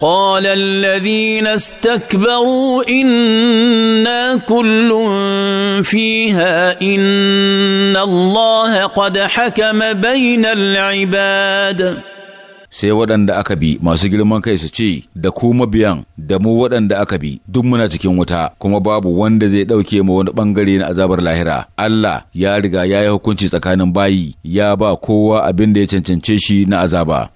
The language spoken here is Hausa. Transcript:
قال الذين استكبروا انا كل فيها ان الله قد حكم بين العباد sai waɗanda aka bi masu girman kai su ce da ku mabiyan da mu waɗanda aka bi duk muna cikin wuta kuma babu wanda zai ɗauke mu wani ɓangare na azabar lahira Allah ya riga ya yi hukunci tsakanin bayi ya ba kowa abin da ya cancance shi na azaba